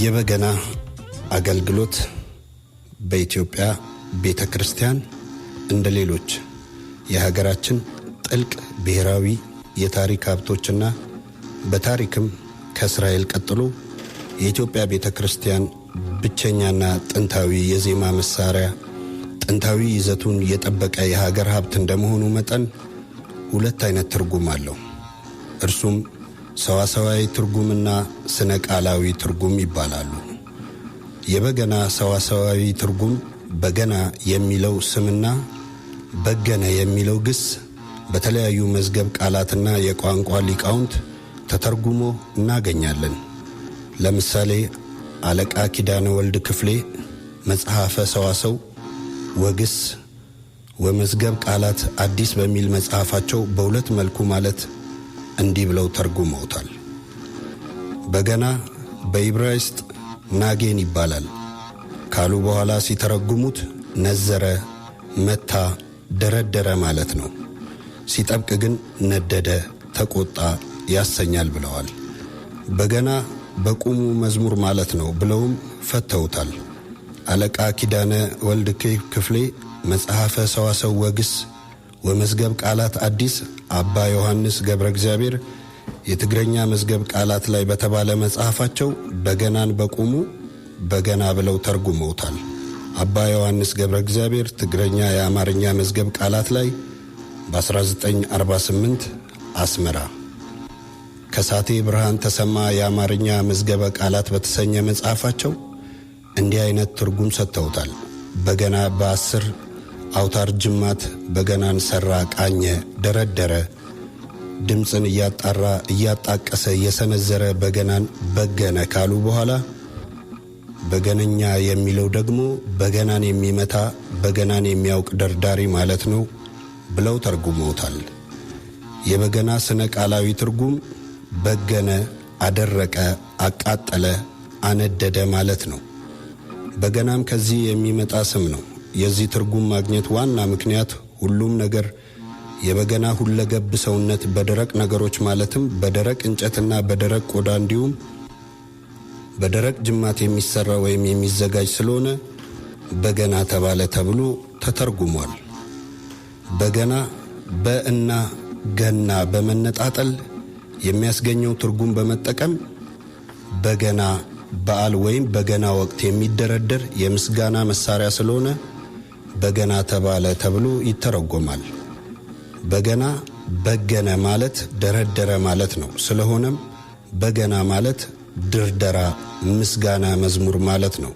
የበገና አገልግሎት በኢትዮጵያ ቤተ ክርስቲያን እንደ ሌሎች የሀገራችን ጥልቅ ብሔራዊ የታሪክ ሀብቶችና በታሪክም ከእስራኤል ቀጥሎ የኢትዮጵያ ቤተ ክርስቲያን ብቸኛና ጥንታዊ የዜማ መሳሪያ፣ ጥንታዊ ይዘቱን የጠበቀ የሀገር ሀብት እንደመሆኑ መጠን ሁለት አይነት ትርጉም አለው። እርሱም ሰዋሰዋዊ ትርጉምና ስነ ቃላዊ ትርጉም ይባላሉ። የበገና ሰዋሰዋዊ ትርጉም በገና የሚለው ስምና በገነ የሚለው ግስ በተለያዩ መዝገብ ቃላትና የቋንቋ ሊቃውንት ተተርጉሞ እናገኛለን። ለምሳሌ አለቃ ኪዳነ ወልድ ክፍሌ መጽሐፈ ሰዋሰው ወግስ ወመዝገብ ቃላት አዲስ በሚል መጽሐፋቸው በሁለት መልኩ ማለት እንዲህ ብለው ተርጉመውታል። በገና በኢብራይስጥ ናጌን ይባላል ካሉ በኋላ ሲተረጉሙት ነዘረ፣ መታ፣ ደረደረ ማለት ነው። ሲጠብቅ ግን ነደደ፣ ተቆጣ ያሰኛል ብለዋል። በገና በቁሙ መዝሙር ማለት ነው ብለውም ፈተውታል። አለቃ ኪዳነ ወልድ ክፍሌ መጽሐፈ ሰዋሰው ወግስ ወመዝገብ ቃላት አዲስ አባ ዮሐንስ ገብረ እግዚአብሔር የትግረኛ መዝገብ ቃላት ላይ በተባለ መጽሐፋቸው በገናን በቁሙ በገና ብለው ተርጉመውታል። አባ ዮሐንስ ገብረ እግዚአብሔር ትግረኛ የአማርኛ መዝገብ ቃላት ላይ በ1948 አስመራ ከሳቴ ብርሃን ተሰማ የአማርኛ መዝገበ ቃላት በተሰኘ መጽሐፋቸው እንዲህ አይነት ትርጉም ሰጥተውታል። በገና በአስር አውታር ጅማት በገናን ሠራ፣ ቃኘ፣ ደረደረ ድምፅን እያጣራ እያጣቀሰ እየሰነዘረ በገናን በገነ ካሉ በኋላ በገነኛ የሚለው ደግሞ በገናን የሚመታ በገናን የሚያውቅ ደርዳሪ ማለት ነው ብለው ተርጉመውታል። የበገና ስነ ቃላዊ ትርጉም በገነ፣ አደረቀ፣ አቃጠለ፣ አነደደ ማለት ነው። በገናም ከዚህ የሚመጣ ስም ነው። የዚህ ትርጉም ማግኘት ዋና ምክንያት ሁሉም ነገር የበገና ሁለገብ ሰውነት በደረቅ ነገሮች ማለትም በደረቅ እንጨትና በደረቅ ቆዳ እንዲሁም በደረቅ ጅማት የሚሰራ ወይም የሚዘጋጅ ስለሆነ በገና ተባለ ተብሎ ተተርጉሟል። በገና በእና ገና በመነጣጠል የሚያስገኘው ትርጉም በመጠቀም በገና በዓል ወይም በገና ወቅት የሚደረደር የምስጋና መሳሪያ ስለሆነ በገና ተባለ ተብሎ ይተረጎማል። በገና በገነ ማለት ደረደረ ማለት ነው። ስለሆነም በገና ማለት ድርደራ፣ ምስጋና፣ መዝሙር ማለት ነው።